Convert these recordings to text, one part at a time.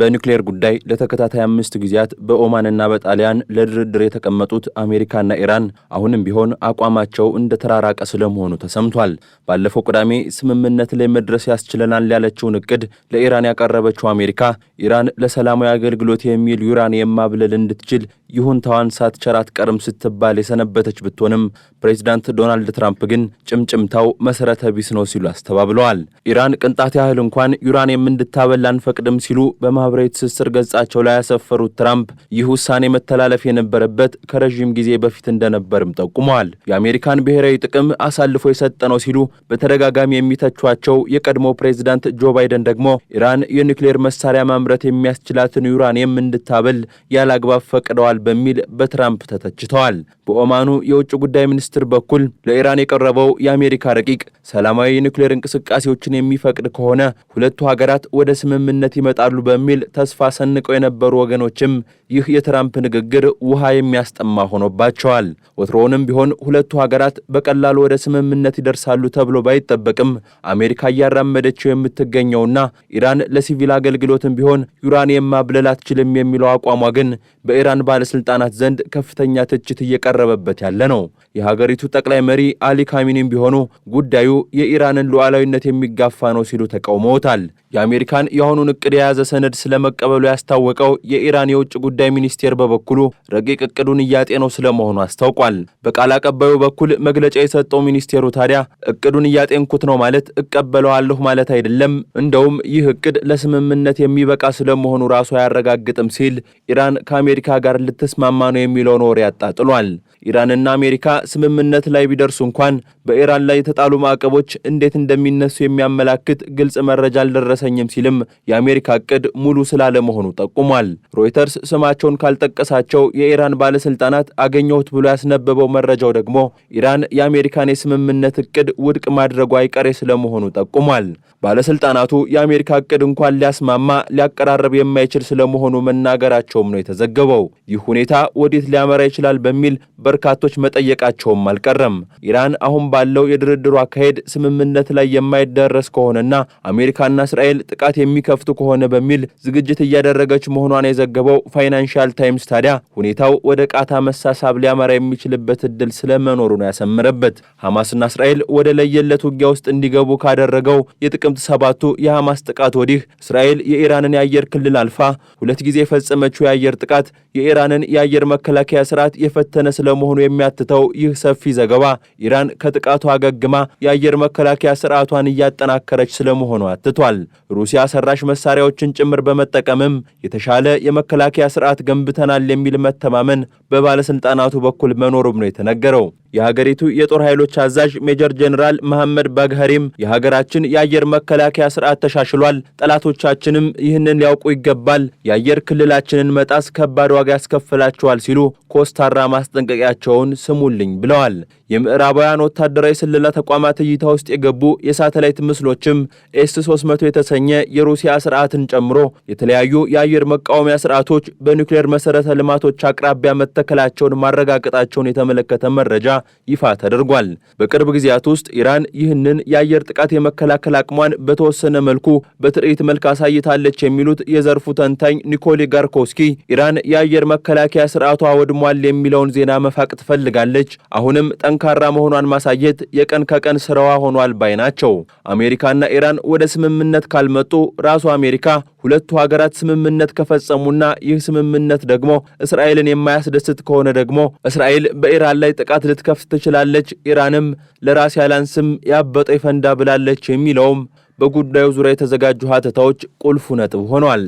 በኒውክሌር ጉዳይ ለተከታታይ አምስት ጊዜያት በኦማንና በጣሊያን ለድርድር የተቀመጡት አሜሪካና ኢራን አሁንም ቢሆን አቋማቸው እንደተራራቀ ስለመሆኑ ተሰምቷል። ባለፈው ቅዳሜ ስምምነት ላይ መድረስ ያስችለናል ያለችውን እቅድ ለኢራን ያቀረበችው አሜሪካ ኢራን ለሰላማዊ አገልግሎት የሚል ዩራኒየም ማብለል እንድትችል ይሁንታዋን ሳትቸር አትቀርም ስትባል የሰነበተች ብትሆንም ፕሬዚዳንት ዶናልድ ትራምፕ ግን ጭምጭምታው መሰረተ ቢስ ነው ሲሉ አስተባብለዋል። ኢራን ቅንጣት ያህል እንኳን ዩራኒየም እንድታበላ አንፈቅድም ሲሉ በማ በማኅበራዊ ትስስር ገጻቸው ላይ ያሰፈሩት ትራምፕ ይህ ውሳኔ መተላለፍ የነበረበት ከረዥም ጊዜ በፊት እንደነበርም ጠቁመዋል። የአሜሪካን ብሔራዊ ጥቅም አሳልፎ የሰጠ ነው ሲሉ በተደጋጋሚ የሚተቿቸው የቀድሞ ፕሬዚዳንት ጆ ባይደን ደግሞ ኢራን የኒውክሌር መሳሪያ ማምረት የሚያስችላትን ዩራኒየም እንድታበል ያላግባብ ፈቅደዋል በሚል በትራምፕ ተተችተዋል። በኦማኑ የውጭ ጉዳይ ሚኒስትር በኩል ለኢራን የቀረበው የአሜሪካ ረቂቅ ሰላማዊ የኒውክሌር እንቅስቃሴዎችን የሚፈቅድ ከሆነ ሁለቱ ሀገራት ወደ ስምምነት ይመጣሉ በሚል በሚል ተስፋ ሰንቀው የነበሩ ወገኖችም ይህ የትራምፕ ንግግር ውሃ የሚያስጠማ ሆኖባቸዋል። ወትሮውንም ቢሆን ሁለቱ ሀገራት በቀላሉ ወደ ስምምነት ይደርሳሉ ተብሎ ባይጠበቅም አሜሪካ እያራመደችው የምትገኘውና ኢራን ለሲቪል አገልግሎትም ቢሆን ዩራኒየም ማብለል አትችልም የሚለው አቋሟ ግን በኢራን ባለስልጣናት ዘንድ ከፍተኛ ትችት እየቀረበበት ያለ ነው። የሀገሪቱ ጠቅላይ መሪ አሊ ካሚኒም ቢሆኑ ጉዳዩ የኢራንን ሉዓላዊነት የሚጋፋ ነው ሲሉ ተቃውመውታል። የአሜሪካን የአሁኑን እቅድ የያዘ ሰነድ ስለመቀበሉ ያስታወቀው የኢራን የውጭ ጉዳይ ሚኒስቴር በበኩሉ ረቂቅ እቅዱን እያጤነው ስለመሆኑ አስታውቋል። በቃል አቀባዩ በኩል መግለጫ የሰጠው ሚኒስቴሩ ታዲያ እቅዱን እያጤንኩት ነው ማለት እቀበለዋለሁ ማለት አይደለም፣ እንደውም ይህ እቅድ ለስምምነት የሚበቃ ስለመሆኑ ራሱ አያረጋግጥም ሲል ኢራን ከአሜሪካ ጋር ልትስማማ ነው የሚለውን ወሬ አጣጥሏል። ኢራንና አሜሪካ ስምምነት ላይ ቢደርሱ እንኳን በኢራን ላይ የተጣሉ ማዕቀቦች እንዴት እንደሚነሱ የሚያመላክት ግልጽ መረጃ አልደረሰ አልደረሰኝም ሲልም የአሜሪካ እቅድ ሙሉ ስላለመሆኑ ጠቁሟል። ሮይተርስ ስማቸውን ካልጠቀሳቸው የኢራን ባለስልጣናት አገኘሁት ብሎ ያስነበበው መረጃው ደግሞ ኢራን የአሜሪካን የስምምነት እቅድ ውድቅ ማድረጉ አይቀሬ ስለመሆኑ ጠቁሟል። ባለስልጣናቱ የአሜሪካ እቅድ እንኳን ሊያስማማ ሊያቀራረብ የማይችል ስለመሆኑ መናገራቸውም ነው የተዘገበው። ይህ ሁኔታ ወዴት ሊያመራ ይችላል በሚል በርካቶች መጠየቃቸውም አልቀረም። ኢራን አሁን ባለው የድርድሩ አካሄድ ስምምነት ላይ የማይደረስ ከሆነና አሜሪካና እስራኤል ኃይል ጥቃት የሚከፍቱ ከሆነ በሚል ዝግጅት እያደረገች መሆኗን የዘገበው ፋይናንሻል ታይምስ ታዲያ ሁኔታው ወደ ቃታ መሳሳብ ሊያመራ የሚችልበት እድል ስለመኖሩ ነው ያሰምረበት። ሐማስና እስራኤል ወደ ለየለት ውጊያ ውስጥ እንዲገቡ ካደረገው የጥቅምት ሰባቱ የሐማስ ጥቃት ወዲህ እስራኤል የኢራንን የአየር ክልል አልፋ ሁለት ጊዜ የፈጸመችው የአየር ጥቃት የኢራንን የአየር መከላከያ ስርዓት የፈተነ ስለመሆኑ የሚያትተው ይህ ሰፊ ዘገባ ኢራን ከጥቃቱ አገግማ የአየር መከላከያ ስርዓቷን እያጠናከረች ስለመሆኑ አትቷል። ሩሲያ ሰራሽ መሳሪያዎችን ጭምር በመጠቀምም የተሻለ የመከላከያ ስርዓት ገንብተናል የሚል መተማመን በባለስልጣናቱ በኩል መኖሩም ነው የተነገረው። የሀገሪቱ የጦር ኃይሎች አዛዥ ሜጀር ጀኔራል መሐመድ ባግሃሪም የሀገራችን የአየር መከላከያ ስርዓት ተሻሽሏል፣ ጠላቶቻችንም ይህንን ሊያውቁ ይገባል፣ የአየር ክልላችንን መጣስ ከባድ ዋጋ ያስከፍላቸዋል ሲሉ ኮስታራ ማስጠንቀቂያቸውን ስሙልኝ ብለዋል። የምዕራባውያን ወታደራዊ ስለላ ተቋማት እይታ ውስጥ የገቡ የሳተላይት ምስሎችም ኤስ 300 የተሰኘ የሩሲያ ስርዓትን ጨምሮ የተለያዩ የአየር መቃወሚያ ስርዓቶች በኒውክሌር መሰረተ ልማቶች አቅራቢያ መተከላቸውን ማረጋገጣቸውን የተመለከተ መረጃ ይፋ ተደርጓል። በቅርብ ጊዜያት ውስጥ ኢራን ይህንን የአየር ጥቃት የመከላከል አቅሟን በተወሰነ መልኩ በትርኢት መልክ አሳይታለች የሚሉት የዘርፉ ተንታኝ ኒኮሌ ጋርኮስኪ ኢራን የአየር መከላከያ ስርዓቷ ወድሟል የሚለውን ዜና መፋቅ ትፈልጋለች፣ አሁንም ጠንካራ መሆኗን ማሳየት የቀን ከቀን ስራዋ ሆኗል ባይ ናቸው። አሜሪካና ኢራን ወደ ስምምነት ካልመጡ ራሱ አሜሪካ ሁለቱ ሀገራት ስምምነት ከፈጸሙና ይህ ስምምነት ደግሞ እስራኤልን የማያስደስት ከሆነ ደግሞ እስራኤል በኢራን ላይ ጥቃት ልትከፍት ትችላለች። ኢራንም ለራስ ያላንስም ያበጠ ይፈንዳ ብላለች የሚለውም በጉዳዩ ዙሪያ የተዘጋጁ ሀተታዎች ቁልፉ ነጥብ ሆኗል።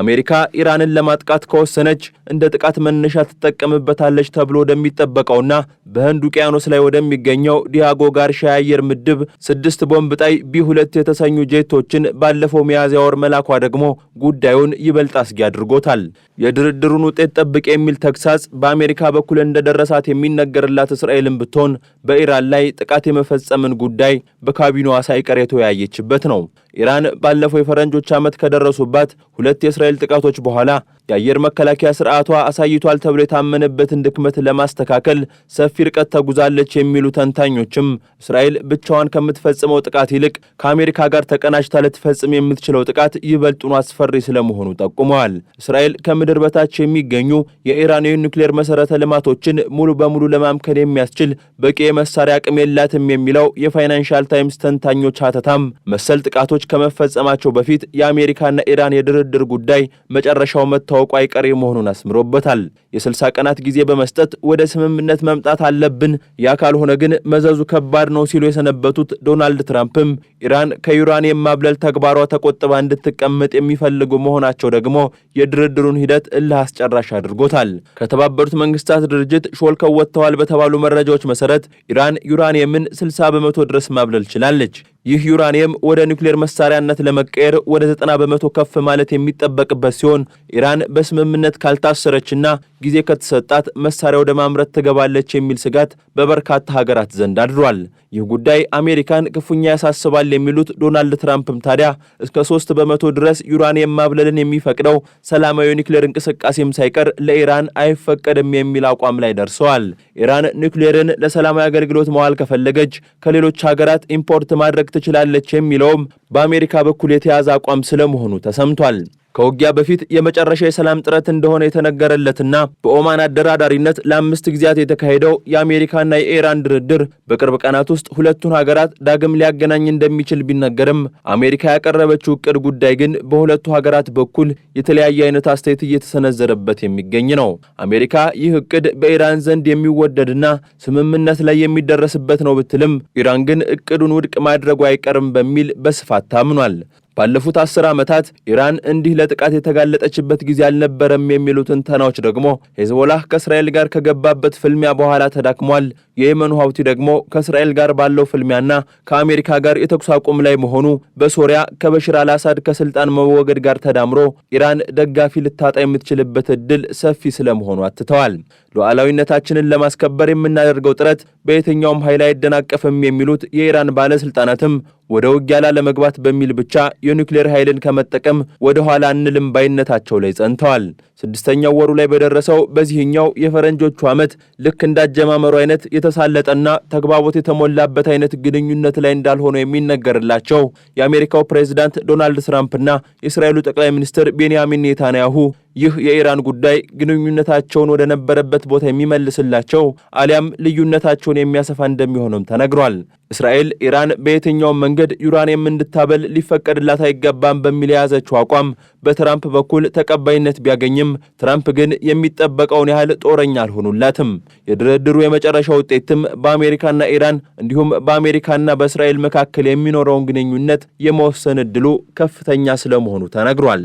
አሜሪካ ኢራንን ለማጥቃት ከወሰነች እንደ ጥቃት መነሻ ትጠቀምበታለች ተብሎ ወደሚጠበቀውና በህንድ ውቅያኖስ ላይ ወደሚገኘው ዲያጎ ጋርሻ የአየር ምድብ ስድስት ቦምብ ጣይ ቢ2 የተሰኙ ጄቶችን ባለፈው ሚያዝያ ወር መላኳ ደግሞ ጉዳዩን ይበልጥ አስጊ አድርጎታል። የድርድሩን ውጤት ጠብቅ የሚል ተግሳጽ በአሜሪካ በኩል እንደደረሳት የሚነገርላት እስራኤልን ብትሆን በኢራን ላይ ጥቃት የመፈጸምን ጉዳይ በካቢኔዋ ሳይቀር የተወያየችበት ነው። ኢራን ባለፈው የፈረንጆች ዓመት ከደረሱባት ሁለት የእስራኤል ጥቃቶች በኋላ የአየር መከላከያ ስርዓቷ አሳይቷል ተብሎ የታመነበትን ድክመት ለማስተካከል ሰፊ ርቀት ተጉዛለች የሚሉ ተንታኞችም እስራኤል ብቻዋን ከምትፈጽመው ጥቃት ይልቅ ከአሜሪካ ጋር ተቀናጅታ ልትፈጽም የምትችለው ጥቃት ይበልጡኑ አስፈሪ ስለመሆኑ ጠቁመዋል። እስራኤል ከምድር በታች የሚገኙ የኢራን ኒውክሌር መሠረተ ልማቶችን ሙሉ በሙሉ ለማምከን የሚያስችል በቂ የመሳሪያ አቅም የላትም የሚለው የፋይናንሻል ታይምስ ተንታኞች ሀተታም መሰል ጥቃቶች ከመፈጸማቸው በፊት የአሜሪካና ኢራን የድርድር ጉዳይ መጨረሻው መጥተው ማስተዋወቁ አይቀሬ መሆኑን አስምሮበታል። የስልሳ ቀናት ጊዜ በመስጠት ወደ ስምምነት መምጣት አለብን፣ ያ ካልሆነ ግን መዘዙ ከባድ ነው ሲሉ የሰነበቱት ዶናልድ ትራምፕም ኢራን ከዩራኒየም ማብለል ተግባሯ ተቆጥባ እንድትቀመጥ የሚፈልጉ መሆናቸው ደግሞ የድርድሩን ሂደት እልህ አስጨራሽ አድርጎታል። ከተባበሩት መንግስታት ድርጅት ሾልከው ወጥተዋል በተባሉ መረጃዎች መሰረት ኢራን ዩራኒየምን 60 በመቶ ድረስ ማብለል ችላለች። ይህ ዩራኒየም ወደ ኒውክሌር መሳሪያነት ለመቀየር ወደ 90 በመቶ ከፍ ማለት የሚጠበቅበት ሲሆን ኢራን በስምምነት ካልታሰረችና ጊዜ ከተሰጣት መሳሪያ ወደ ማምረት ትገባለች የሚል ስጋት በበርካታ ሀገራት ዘንድ አድሯል። ይህ ጉዳይ አሜሪካን ክፉኛ ያሳስባል የሚሉት ዶናልድ ትራምፕም ታዲያ እስከ 3 በመቶ ድረስ ዩራኒየም ማብለልን የሚፈቅደው ሰላማዊ ኒውክሌር እንቅስቃሴም ሳይቀር ለኢራን አይፈቀድም የሚል አቋም ላይ ደርሰዋል። ኢራን ኒውክሌርን ለሰላማዊ አገልግሎት መዋል ከፈለገች ከሌሎች ሀገራት ኢምፖርት ማድረግ ትችላለች የሚለውም በአሜሪካ በኩል የተያዘ አቋም ስለመሆኑ ተሰምቷል። ከውጊያ በፊት የመጨረሻ የሰላም ጥረት እንደሆነ የተነገረለትና በኦማን አደራዳሪነት ለአምስት ጊዜያት የተካሄደው የአሜሪካና የኢራን ድርድር በቅርብ ቀናት ውስጥ ሁለቱን ሀገራት ዳግም ሊያገናኝ እንደሚችል ቢነገርም አሜሪካ ያቀረበችው እቅድ ጉዳይ ግን በሁለቱ ሀገራት በኩል የተለያየ አይነት አስተያየት እየተሰነዘረበት የሚገኝ ነው። አሜሪካ ይህ እቅድ በኢራን ዘንድ የሚወደድና ስምምነት ላይ የሚደረስበት ነው ብትልም ኢራን ግን እቅዱን ውድቅ ማድረጉ አይቀርም በሚል በስፋት ታምኗል። ባለፉት አስር ዓመታት ኢራን እንዲህ ለጥቃት የተጋለጠችበት ጊዜ አልነበረም የሚሉ ትንተናዎች ደግሞ ሄዝቦላህ ከእስራኤል ጋር ከገባበት ፍልሚያ በኋላ ተዳክሟል፣ የየመኑ ሀውቲ ደግሞ ከእስራኤል ጋር ባለው ፍልሚያና ከአሜሪካ ጋር የተኩስ አቁም ላይ መሆኑ በሶሪያ ከበሽር አልአሳድ ከስልጣን መወገድ ጋር ተዳምሮ ኢራን ደጋፊ ልታጣ የምትችልበት እድል ሰፊ ስለመሆኑ አትተዋል። ሉዓላዊነታችንን ለማስከበር የምናደርገው ጥረት በየትኛውም ኃይል አይደናቀፍም የሚሉት የኢራን ባለሥልጣናትም ወደ ውጊያ ላለመግባት በሚል ብቻ የኒውክሌር ኃይልን ከመጠቀም ወደ ኋላ እንልም ባይነታቸው ላይ ጸንተዋል። ስድስተኛው ወሩ ላይ በደረሰው በዚህኛው የፈረንጆቹ ዓመት ልክ እንዳጀማመሩ አይነት የተሳለጠና ተግባቦት የተሞላበት አይነት ግንኙነት ላይ እንዳልሆነው የሚነገርላቸው የአሜሪካው ፕሬዚዳንት ዶናልድ ትራምፕና የእስራኤሉ ጠቅላይ ሚኒስትር ቤንያሚን ኔታንያሁ ይህ የኢራን ጉዳይ ግንኙነታቸውን ወደ ነበረበት ቦታ የሚመልስላቸው አሊያም ልዩነታቸውን የሚያሰፋ እንደሚሆንም ተነግሯል። እስራኤል ኢራን በየትኛውም መንገድ ዩራኒየም እንድታበል ሊፈቀድላት አይገባም በሚል የያዘችው አቋም በትራምፕ በኩል ተቀባይነት ቢያገኝም ትራምፕ ግን የሚጠበቀውን ያህል ጦረኛ አልሆኑላትም። የድርድሩ የመጨረሻ ውጤትም በአሜሪካና ኢራን እንዲሁም በአሜሪካና በእስራኤል መካከል የሚኖረውን ግንኙነት የመወሰን ዕድሉ ከፍተኛ ስለመሆኑ ተነግሯል።